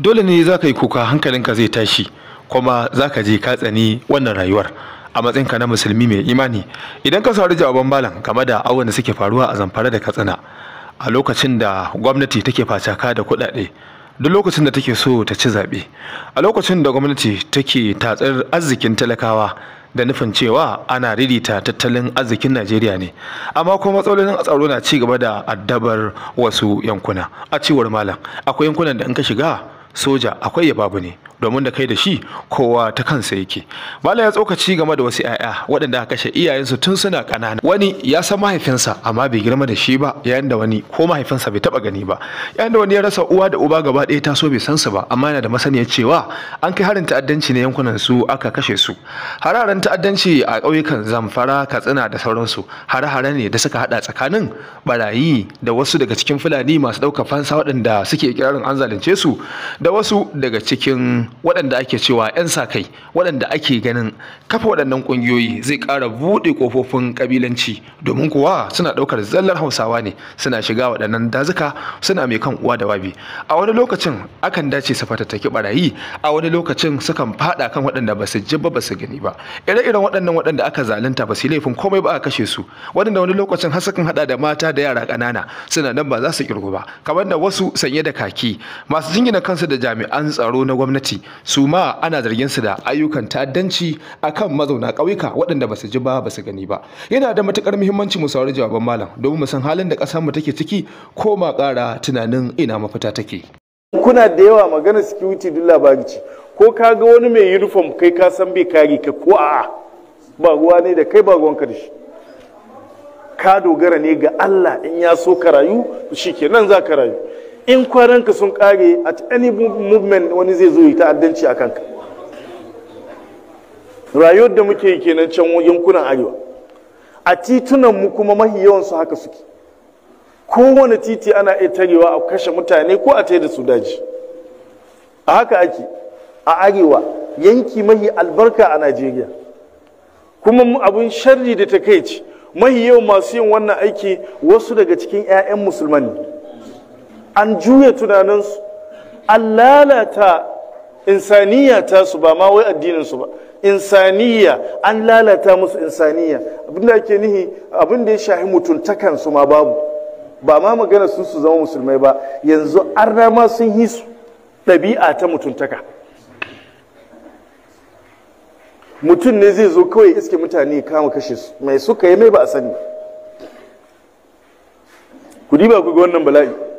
dole ne za ka yi kuka hankalinka zai tashi kuma za ka je ka tsani wannan rayuwar a matsayinka na musulmi mai imani idan ka sauri jawaban malam game da abubuwan da suke faruwa a zamfara da katsina a lokacin da gwamnati take facaka da kuɗaɗe duk lokacin da take so ta ci zaɓe a lokacin da gwamnati take tatsar arzikin talakawa da nufin cewa ana ririta tattalin arzikin najeriya ne amma kuma matsalolin tsaro na ci gaba da addabar wasu yankuna a cewar malam akwai yankunan da in ka shiga soja akwai ya babu ne domin da kai da shi kowa ta kansa yake Bala ya tsokaci game da wasu 'ya'ya waɗanda aka kashe iyayensu tun suna ƙanana wani ya san mahaifinsa amma bai girma da shi ba yayin da wani ko mahaifinsa bai taɓa gani ba yayin da wani ya rasa uwa da uba gaba ɗaya so bai san ba amma yana da masaniyar cewa an kai harin ta'addanci ne yankunan su aka kashe su hararen ta'addanci a ƙauyukan zamfara katsina da sauransu hare-hare ne da suka haɗa tsakanin barayi da wasu daga cikin fulani masu ɗaukar fansa waɗanda suke kirarin an zalunce su da wasu daga cikin waɗanda ake cewa 'yan sa kai waɗanda ake ganin kafa waɗannan ƙungiyoyi zai ƙara buɗe ƙofofin ƙabilanci domin kuwa suna ɗaukar zallar hausawa ne suna shiga waɗannan dazuka suna mai kan uwa da wabi a wani lokacin akan dace su fatattaki barayi a wani lokacin sukan faɗa kan waɗanda ba su ji ba ba su gani ba ire-iren waɗannan waɗanda aka zalunta ba su laifin komai ba a kashe su waɗanda wani lokacin har sukan haɗa da mata da yara ƙanana suna nan ba za su kirgu ba kamar da wasu sanye da kaki masu jingina kansu da jami'an tsaro na gwamnati suma su ma ana zargin su da ayyukan ta'addanci akan mazauna ƙauyuka waɗanda ba su ji ba ba su gani ba yana da matukar muhimmanci mu saurari jawaban malam domin mu san halin da ƙasar mu take ciki ko ma ƙara tunanin ina mafita take kuna da yawa magana security duk labari ko ka ga wani mai uniform kai ka san bai kare ka ko a'a ba ruwa ne da kai ba ruwan ka shi ka dogara ne ga Allah in ya so ka rayu shi shikenan za ka rayu in kwaranka sun kare at any movement wani zai zo yi ta'addanci a kanka rayuwar da muke kenan can yankunan arewa a titunan mu kuma mahi yawan su haka suke kowane titi ana iya tarewa a kashe mutane ko a da su daji a haka ake a arewa yanki mahi albarka a najeriya kuma abin sharri da takaici mahi yau masu yin wannan aiki wasu daga cikin 'ya'yan musulmani. ne an juya tunaninsu an lalata insaniya su ba ma wai addininsu ba insaniya an lalata musu insaniya abinda ake nihi abinda ya shahi mutuntakansu ma babu ba ma magana sun su zama musulmai ba yanzu an rama sun yi su ɗabi'a ta mutuntaka mutum ne zai zo kawai iske mutane kama kashe su mai suka yi mai ba a sani ku diba ku ga wannan bala'i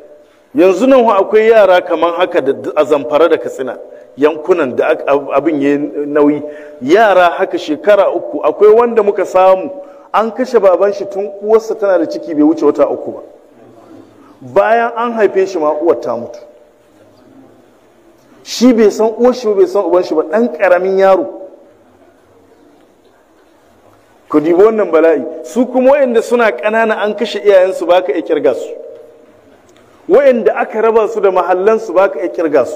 yanzu nan akwai yara kamar haka da a zamfara da katsina yankunan da abin ya nauyi yara haka shekara uku akwai wanda muka samu an kashe baban shi tun uwarsa tana da ciki bai wuce wata uku ba bayan an haife shi ma uwar ta mutu shi bai san uwar shi bai san uban shi ba dan karamin yaro ku dibi wannan bala'i su kuma wayanda suna ƙanana an kashe iyayensu baka iya kirga su wa'anda aka raba su da mahallansu ba ka iya kirga su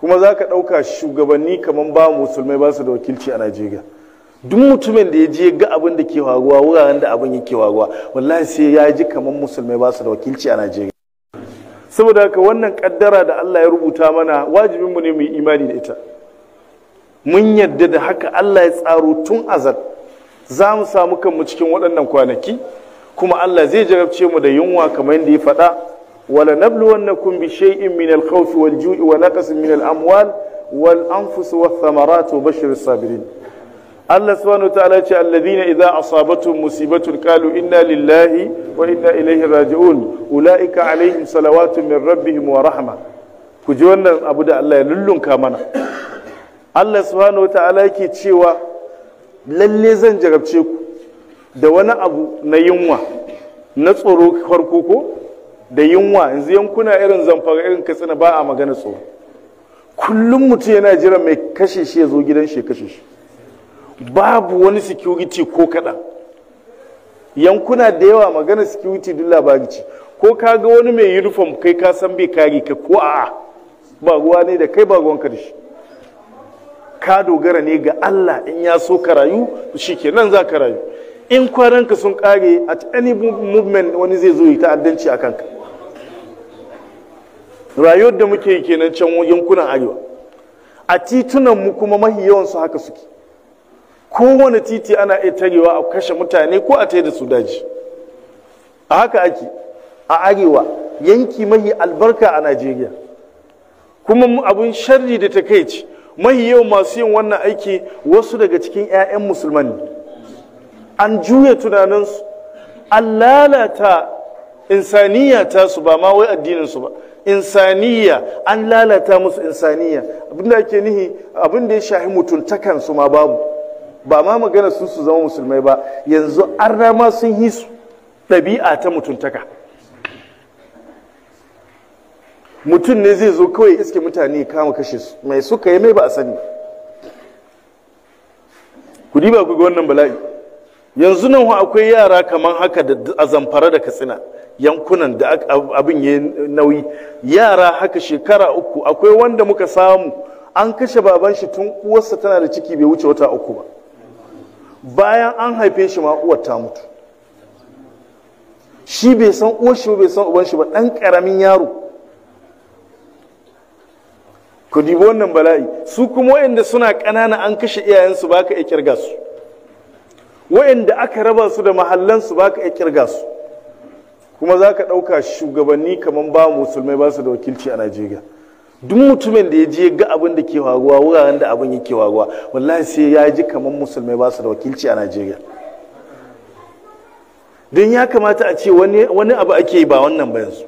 kuma za ka ɗauka shugabanni kamar ba musulmai ba su da wakilci a najeriya duk mutumin da ya je ga abin da ke faruwa wuraren da abin yake faruwa wallahi sai ya ji kamar musulmai ba su da wakilci a najeriya saboda haka wannan kaddara da allah ya rubuta mana wajibin mu ne mu yi imani da ita mun yadda da haka allah ya tsaro tun azal za mu samu kanmu cikin waɗannan kwanaki kuma allah zai jarabce mu da yunwa kamar yadda ya faɗa ولنبلونكم بشيء من الخوف والجوع ونقص من الأموال والأنفس والثمرات وبشر الصابرين الله سبحانه وتعالى الذين إذا أصابتهم مصيبة قالوا إنا لله وإنا إليه راجعون أولئك عليهم صلوات من ربهم ورحمة كجونا أبو دا الله للون كامنا الله سبحانه وتعالى كي تشيوا للي زنجر بشيكو da wani abu na yunwa na tsoro farko ko da yunwa yanzu yankuna irin zamfara irin katsina ba a magana tsoro kullum mutum yana jiran mai kashe shi ya zo gidan shi kashe shi babu wani security ko kaɗan yankuna da yawa magana security duk labari ce ko ka ga wani mai uniform kai ka san bai kare ka ko a'a ba ruwa ne da kai ba ruwan ka da shi ka dogara ne ga Allah in ya so ka rayu ke nan za ka rayu in kwaranka sun kare at any movement wani zai zo yi ta'addanci a kanka rayuwar da muke kenan can yankunan arewa a titunan mu kuma mahi yawan su haka suke kowane titi ana iya tarewa a kashe mutane ko a da su daji a haka ake a arewa yanki mahi albarka a najeriya kuma abun sharri da takaici mahi yawan masu yin wannan aiki wasu daga cikin 'ya'yan musulman an juya tunaninsu an lalata insaniya su ba ma wai addininsu ba insaniya an lalata musu insaniya abinda ake nihi abinda ya shahi mutuntakan su ma babu ba ma magana su su zama musulmai ba yanzu an rama sun yi su ɗabi'a ta mutuntaka mutum ne zai zo kawai iske mutane kama kashe su mai suka yi mai ba a sani ku diba ku ga wannan bala'i yanzu nan akwai yara kamar haka da a zamfara da katsina yankunan da abin ya nauyi yara haka shekara uku akwai wanda muka samu an kashe baban shi tun uwarsa tana da ciki bai wuce wata uku ba bayan an haife shi ma uwar ta mutu shi bai san uwar shi bai san uban shi ba dan karamin yaro ku dibi wannan bala'i su kuma wayanda suna ƙanana an kashe iyayensu baka ka iya kirga su wa'anda aka raba su da mahallansu ba ka iya kirga su kuma za ka ɗauka shugabanni kamar ba musulmai ba su da wakilci a najeriya duk mutumin da ya je ga abin da ke faruwa wuraren da abin yake faruwa wallahi sai ya ji kamar musulmai ba su da wakilci a najeriya don ya kamata a ce wani abu ake yi ba wannan ba yanzu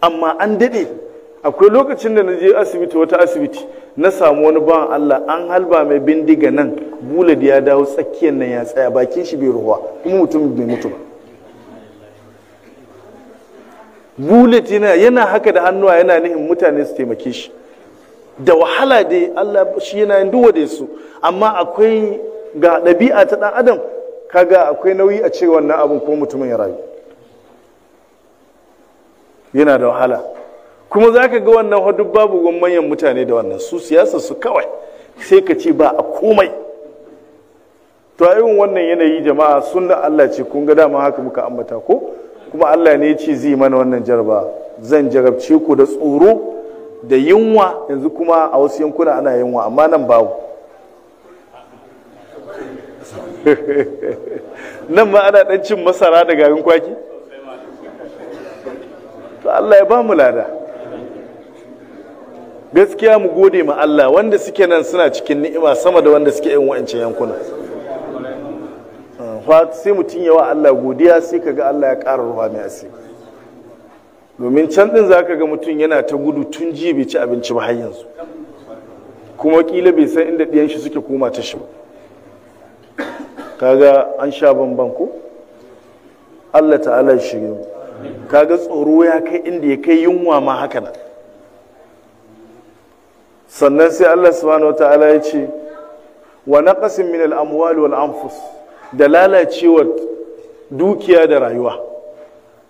amma an daɗe akwai lokacin da na je asibiti wata asibiti na samu wani bawan Allah an halba mai bindiga nan bulad ya dawo tsakiyar nan ya tsaya bakin shi bai ruwa kuma mutum bai mutu ba bulet yana yana haka da hannuwa yana nihin mutane su taimake shi da wahala dai Allah shi yana yin duwa da su amma akwai ga ɗabi'a ta ɗan adam kaga akwai nauyi a ce wannan abin ko mutumin ya rayu yana da wahala kuma za ka ga wannan hudu babu babu manyan mutane da wannan su siyasa su kawai sai ka ce ba a komai to a yi wannan yanayi jama'a sun sunna Allah ce kun ga dama haka muka ambata ko kuma Allah ne ce zai mana wannan jarba zan jarabce ku da tsoro da yunwa yanzu kuma a wasu yankuna ana yunwa amma nan babu nan ma ana dan cin masara daga garin kwaki to Allah ya ba mu lada gaskiya mu gode ma Allah wanda suke nan suna cikin ni'ima sama da wanda suke yin wa'ancan yankuna sai mutum yawa Allah godiya sai ka ga Allah ya ƙara ruwa mai asi domin can ɗin za ka ga mutum yana ta gudu tun jiya bai ci abinci ba har yanzu kuma ƙila bai san inda ɗiyan shi suke koma ta shi ba kaga an sha bamban ko Allah ta'ala shi kaga tsoro ya kai inda ya kai yunwa ma haka nan sannan sai Allah subhanahu wataala ya ce wa naqasin min al-amwali wal anfus da lalacewar dukiya da rayuwa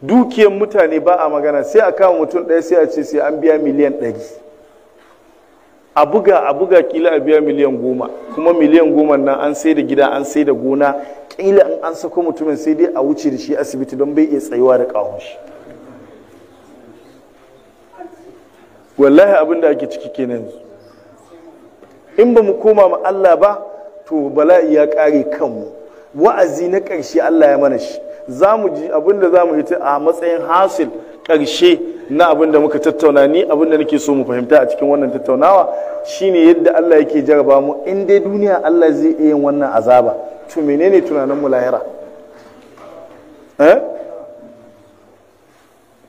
Dukiyan mutane ba a magana sai a kama mutum ɗaya sai a ce sai an biya miliyan ɗari a buga a buga kila a biya miliyan goma kuma miliyan goma nan an sai da gida an sai da gona kila in an sako mutumin sai dai a wuce da shi asibiti don bai iya tsayuwa da ƙahon shi wallahi abin da ake ciki kenan yanzu in ba mu koma ma Allah ba to bala'i ya kare kanmu wa'azi na ƙarshe Allah ya mana shi za mu ji abin da za mu ta a matsayin hasil ƙarshe na abin da muka tattauna ni abin da nake so mu fahimta a cikin wannan tattaunawa shine yadda Allah yake jaraba mu in dai duniya Allah zai iya yin wannan azaba to menene tunanin mu lahira eh?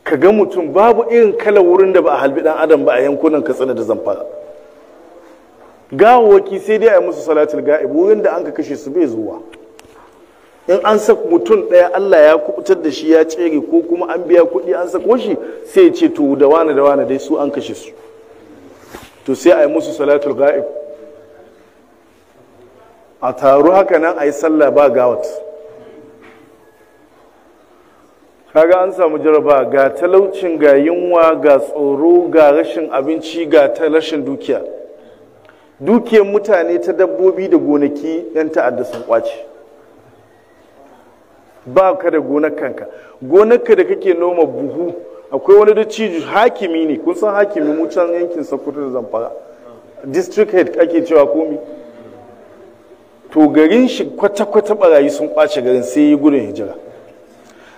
ka ga mutum babu irin kalar wurin da ba a halbi dan adam ba a yankunan katsina da zamfara gawawaki sai dai a musu salatul ga'ib wurin da an ka kashe su bai zuwa in an sa mutum ɗaya Allah ya kubutar da shi ya tsere ko kuma an biya kuɗi an sako shi sai ya ce to da wani da wani dai su an kashe su to sai a yi musu salatul ga'ib a taru haka nan a yi sallah ba gawat kaga an samu jaraba ga talaucin ga yunwa ga tsoro ga rashin abinci ga talashin rashin dukiya dukiyar mutane ta dabbobi da gonaki 'yan ta'adda sun kwace ba ka da gonakanka gonarka da kake noma buhu akwai wani dattijo hakimi ne kun san hakimi mucan yankin sokoto da zamfara district head ake cewa komi to garin shi kwata-kwata barayi sun kwace garin sai yi gudun hijira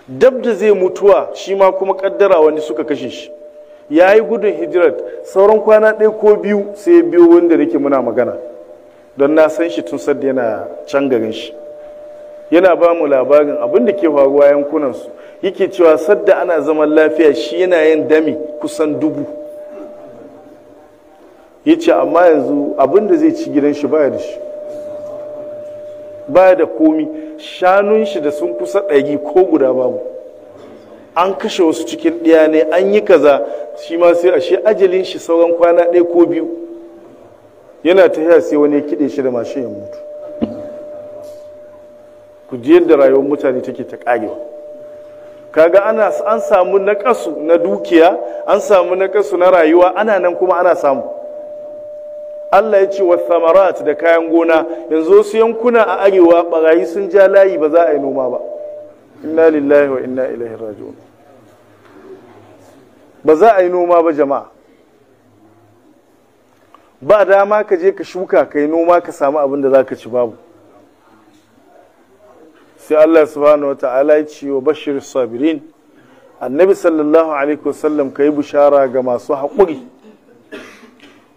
dab da zai mutuwa shi ma kuma kaddara wani suka kashe shi ya yi gudun hijirar sauran kwana ɗaya ko biyu sai ya biyo wanda nake muna magana don na san shi tun sadda yana can garin shi yana ba mu labarin abin da ke faruwa yankunansu yake cewa sadda ana zaman lafiya shi yana yin dami kusan dubu ya ce amma yanzu abin da zai ci gidan shi baya da shi baya da komi shanun shi da sun kusa ɗari ko guda babu an kashe wasu cikin ɗaya ne an yi kaza shi ma sai ashe ajalin shi sauran kwana ɗaya ko biyu yana ta sai wani ya kiɗe shi da mashin ya mutu ku ji yadda rayuwar mutane take ta ƙarewa kaga ana an samu naƙasu na dukiya an samu naƙasu na rayuwa ana nan kuma ana samu Allah ya ce wa samarat da kayan gona yanzu wasu yankuna a arewa barayi sun ja layi ba za a yi noma ba inna lillahi wa inna ilaihi raji'un ba za a yi noma ba jama'a ba dama ka je ka shuka ka yi noma ka samu abin da za ka ci babu sai Allah subhanahu wa ta'ala ya ci wa bashir sabirin annabi sallallahu alaihi wasallam ka yi bishara ga masu haƙuri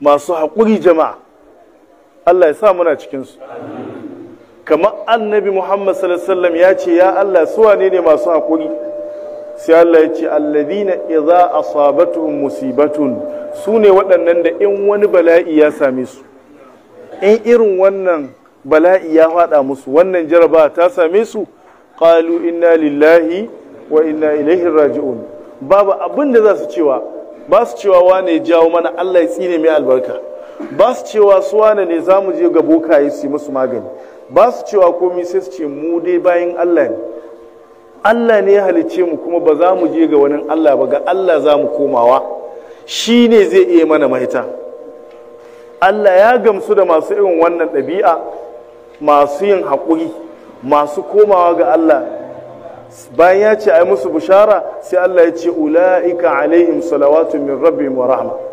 masu haƙuri jama'a Allah ya sa muna cikinsu kamar annabi muhammad sallallahu ya ce ya allah su wane ne masu hakuri sai allah ya ce alladina idza asabatuhum musibatun su ne waɗannan da in wani bala'i ya same su in irin wannan bala'i ya faɗa musu wannan jaraba ta same su qalu inna lillahi wa inna ilaihi raji'un babu abin da za su cewa ba su cewa wane jawo mana Allah ya tsine mai albarka ba su cewa su wane ne za mu je ga bokaye su yi musu magani ba su cewa komai sai su ce mu dai bayan Allah ne Allah ne ya halicce mu kuma ba za mu je ga wani Allah ba ga Allah za mu komawa shi ne zai iya mana mahita Allah ya gamsu da masu irin wannan ɗabi'a masu yin haƙuri masu komawa ga Allah bayan ya ce a yi musu bishara sai Allah ya ce ula'ika alaihim salawatu min rabbihim wa rahma